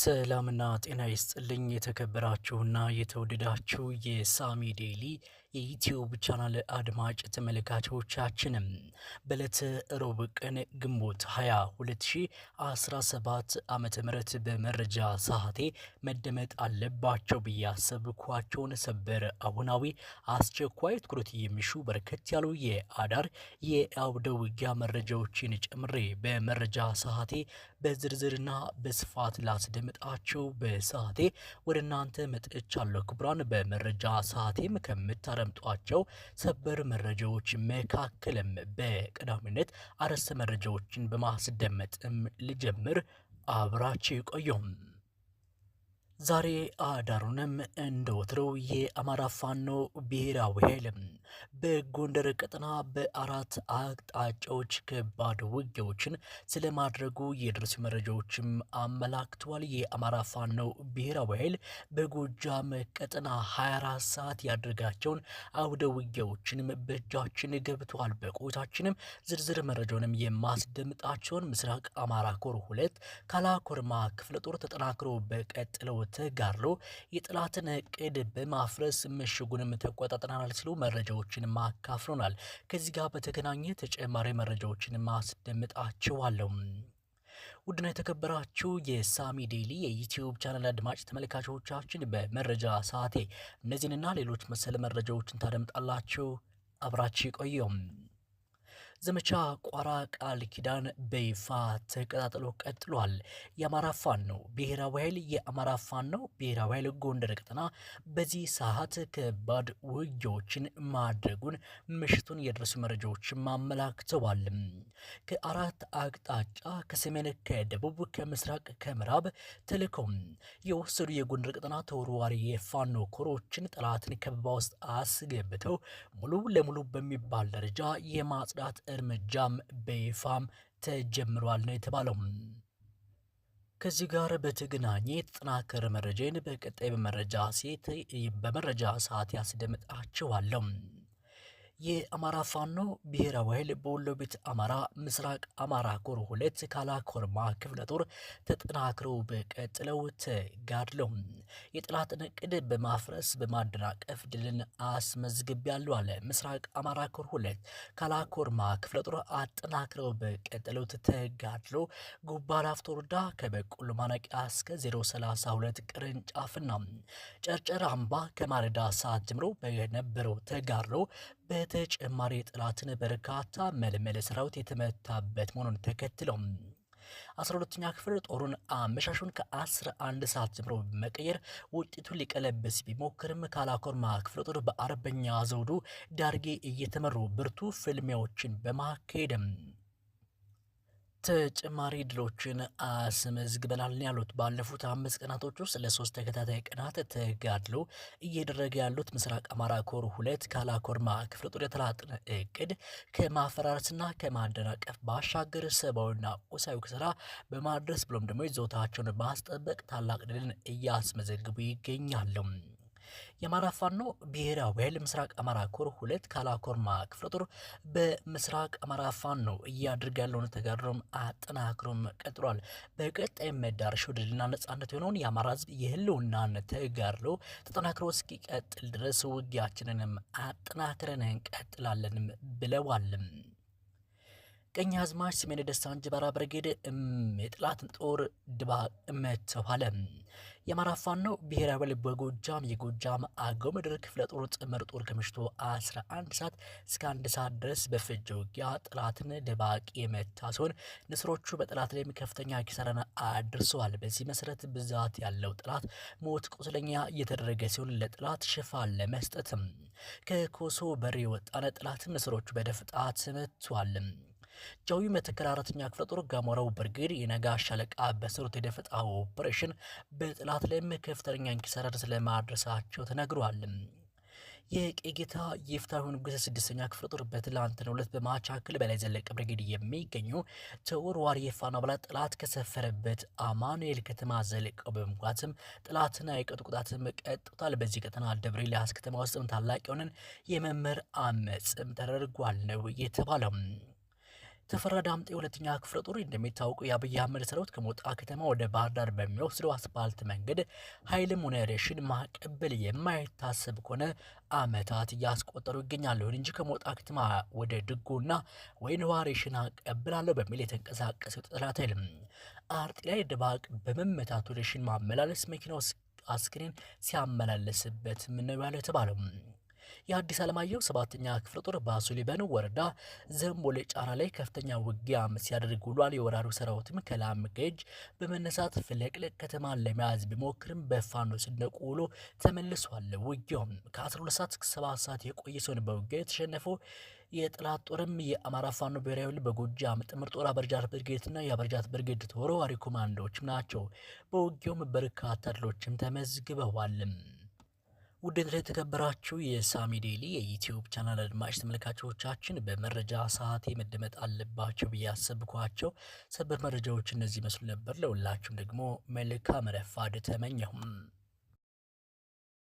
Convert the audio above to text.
ሰላምና ጤና ይስጥልኝ የተከበራችሁና የተወደዳችሁ የሳሚ ዴሊ የዩትዩብ ቻናል አድማጭ ተመልካቾቻችንም በዕለተ ሮብ ቀን ግንቦት 20 2017 ዓ ም በመረጃ ሰዓቴ መደመጥ አለባቸው ብዬ ያሰብኳቸውን ሰበር አሁናዊ አስቸኳይ ትኩረት የሚሹ በርከት ያሉ የአዳር የአውደ ውጊያ መረጃዎችን ጨምሬ በመረጃ ሰዓቴ በዝርዝርና በስፋት ላስደምጣቸው በሰዓቴ ወደ እናንተ መጥቻለሁ። ክቡራን፣ በመረጃ ሰዓቴም ከምታረምጧቸው ሰበር መረጃዎች መካከልም በቀዳሚነት አርዕስተ መረጃዎችን በማስደመጥም ልጀምር። አብራችሁ ቆዩም። ዛሬ አዳሩንም እንደ ወትሮው የአማራ ፋኖ ብሔራዊ ኃይል በጎንደር ቀጠና በአራት አቅጣጫዎች ከባድ ውጊያዎችን ስለማድረጉ የደረሱ መረጃዎችም አመላክተዋል። የአማራ ፋኖ ብሔራዊ ኃይል በጎጃም ቀጠና 24 ሰዓት ያደረጋቸውን አውደ ውጊያዎችንም በእጃችን ገብተዋል። በቆይታችንም ዝርዝር መረጃውንም የማስደምጣቸውን ምስራቅ አማራ ኮር ሁለት ካላኮርማ ክፍለ ጦር ተጠናክሮ በቀጥለው ተጋድሎ የጠላትን እቅድ በማፍረስ ምሽጉንም ተቆጣጥረናል ሲሉ መረጃዎችን አካፍሎናል። ከዚህ ጋር በተገናኘ ተጨማሪ መረጃዎችን አስደምጣችኋለሁ። ውድና የተከበራችሁ የሳሚ ዴይሊ የዩትዩብ ቻናል አድማጭ ተመልካቾቻችን በመረጃ ሰዓቴ እነዚህንና ሌሎች መሰል መረጃዎችን ታደምጣላችሁ። አብራችሁ ቆየም። ዘመቻ ቋራ ቃል ኪዳን በይፋ ተቀጣጥሎ ቀጥሏል። የአማራ ፋኖ ነው ብሔራዊ ኃይል የአማራ ፋኖ ነው ብሔራዊ ኃይል ጎንደር ቀጠና በዚህ ሰዓት ከባድ ውጊያዎችን ማድረጉን ምሽቱን የደረሱ መረጃዎች አመላክተዋል። ከአራት አቅጣጫ ከሰሜን፣ ከደቡብ፣ ከምስራቅ፣ ከምዕራብ ተልከው የወሰዱ የጎንደር ቀጠና ተወርዋሪ የፋኖ ኮሮችን ጠላትን ከበባ ውስጥ አስገብተው ሙሉ ለሙሉ በሚባል ደረጃ የማጽዳት እርምጃም በይፋም ተጀምሯል ነው የተባለው። ከዚህ ጋር በተገናኘ የተጠናከረ መረጃን በቀጣይ በመረጃ ሴት በመረጃ ሰዓት ያስደምጣችኋለሁ። የአማራ ፋኖ ብሔራዊ ኃይል በወሎ ቤት አማራ ምስራቅ አማራ ኮር ሁለት ካላኮርማ ክፍለ ጦር ተጠናክረው በቀጥለው ተጋድለው የጠላትን እቅድ በማፍረስ በማደናቀፍ ድልን አስመዝግብ ያሉ አለ። ምስራቅ አማራ ኮር ሁለት ካላኮርማ ክፍለ ጦር አጠናክረው በቀጠሉት ተጋድሎ ጉባ ላፍቶ ወረዳ ከበቆሎ ማነቂያ እስከ 032 ቅርንጫፍና ጨርጨር አምባ ከማለዳ ሰዓት ጀምሮ በነበረው ተጋድሎ በተጨማሪ የጠላትን በርካታ መልመለ ሰራዊት የተመታበት መሆኑን ተከትለው 12ኛ ክፍል ጦሩን አመሻሹን ከ11 ሰዓት ጀምሮ በመቀየር ውጤቱን ሊቀለበስ ቢሞክርም ካላኮርማ ክፍለ ጦር በአርበኛ ዘውዱ ዳርጌ እየተመሩ ብርቱ ፍልሚያዎችን በማካሄድም ተጨማሪ ድሎችን አስመዝግበናል ያሉት ባለፉት አምስት ቀናቶች ውስጥ ለሶስት ተከታታይ ቀናት ተጋድሎ እየደረገ ያሉት ምስራቅ አማራ ኮር ሁለት ካላኮርማ ክፍለ ጦር የተላጠነ እቅድ ከማፈራረስና ከማደናቀፍ ባሻገር ሰብአዊና ቁሳዊ ክስራ በማድረስ ብሎም ደግሞ ይዞታቸውን ማስጠበቅ ታላቅ ድልን እያስመዘግቡ ይገኛሉ። የአማራ ፋኖ ብሔራዊ ኃይል ምስራቅ አማራ ኮር ሁለት ካላኮርማ ክፍለ ጦር በምስራቅ አማራ ፋኖ እያደረገ ያለውን ተጋድሮም አጠናክሮም ቀጥሏል። በቀጣይ መዳረሻው ድልና ነጻነት የሆነውን የአማራ ህዝብ የህልውናን ተጋድሎ ተጠናክሮ እስኪቀጥል ድረስ ውጊያችንንም አጠናክረን እንቀጥላለንም ብለዋልም። ቀኝ አዝማች ስሜነ ደስታ እንጅባራ ብርጌድ የጥላትን ጦር ድባቅ መትተዋል። የአማራ ፋኖ ብሔራዊ ኃይል በጎጃም የጎጃም አገው ምድር ክፍለ ጦር ጥምር ጦር ከምሽቱ 11 ሰዓት እስከ አንድ ሰዓት ድረስ በፈጀ ውጊያ ጠላትን ደባቅ የመታ ሲሆን ንስሮቹ በጠላት ላይም ከፍተኛ ኪሳራን አድርሰዋል። በዚህ መሰረት ብዛት ያለው ጠላት ሞት፣ ቁስለኛ እየተደረገ ሲሆን ለጠላት ሽፋን ለመስጠትም ከኮሶ በር የወጣነ ጠላትም ንስሮቹ በደፍጣ ተመቷል። ጃዊ መተከል አራተኛ ክፍለ ጦር ጋሞራው ብርጌድ የነጋ ሻለቃ በስሩት የደፈጣ ኦፕሬሽን በጠላት ላይም ከፍተኛ ኪሳራ ስለማድረሳቸው ተነግሯል። የቄጌታ የፍትሐዊ ንጉሥ ስድስተኛ ክፍለ ጦር በትላንትናው ዕለት በማቻክል በላይ ዘለቀ ብርጌድ የሚገኙ ተወርዋሪ የፋኖ አባላት ጥላት ከሰፈረበት አማኑኤል ከተማ ዘልቀው በመግባትም ጥላትና የቀጡ ቁጣትም ቀጥታል። በዚህ ቀጠና ደብረ ኤልያስ ከተማ ውስጥም ታላቅ የሆነን የመምህር አመፅም ተደርጓል ነው የተባለው። ተፈራ ዳምጤ ሁለተኛ ክፍለ ጦር እንደሚታወቀው የአብይ አህመድ ሰራዊት ከሞጣ ከተማ ወደ ባህር ዳር በሚወስደው አስፓልት መንገድ ኃይልም ሆነ ሬሽን ማቀበል የማይታሰብ ከሆነ አመታት እያስቆጠሩ ይገኛሉ። ይሁን እንጂ ከሞጣ ከተማ ወደ ድጎና ወይን ውሃ ሬሽን አቀብላለሁ በሚል የተንቀሳቀሰው ጠላት ኃይል አርጢ ላይ ድባቅ በመመታቱ ሬሽን ማመላለስ መኪናው አስክሬን ሲያመላለስበት ያለ ተባለው። የአዲስ አለማየሁ ሰባተኛ ክፍለ ጦር በሱሊበን ወረዳ ዘንቦሌ ጫራ ላይ ከፍተኛ ውጊያ ሲያደርግ ውሏል። የወራሪው ሰራዊትም ከላም ገጅ በመነሳት ፍለቅለቅ ከተማን ለመያዝ ቢሞክርም በፋኖ ስንደቁ ውሎ ተመልሷል። ውጊያውም ከ12 ሰዓት እስከ 7 ሰዓት የቆየ ሲሆን በውጊያ የተሸነፈው የጥላት ጦርም የአማራ ፋኖ ብሔራዊ ኃይል በጎጃም ጥምር ጦር አበርጃት ብርጌድና የአበርጃት ብርጌድ ተወርዋሪ ኮማንዶዎችም ናቸው። በውጊያውም በርካታ ድሎችም ተመዝግበዋልም። ውድ የተከበራችሁ የሳሚ ዴሊ የዩትዩብ ቻናል አድማጭ ተመልካቾቻችን በመረጃ ሰዓቴ መደመጥ አለባቸው ብዬ ያሰብኳቸው ሰበር መረጃዎች እነዚህ መስሉ ነበር። ለሁላችሁም ደግሞ መልካም ረፋድ ተመኘሁም።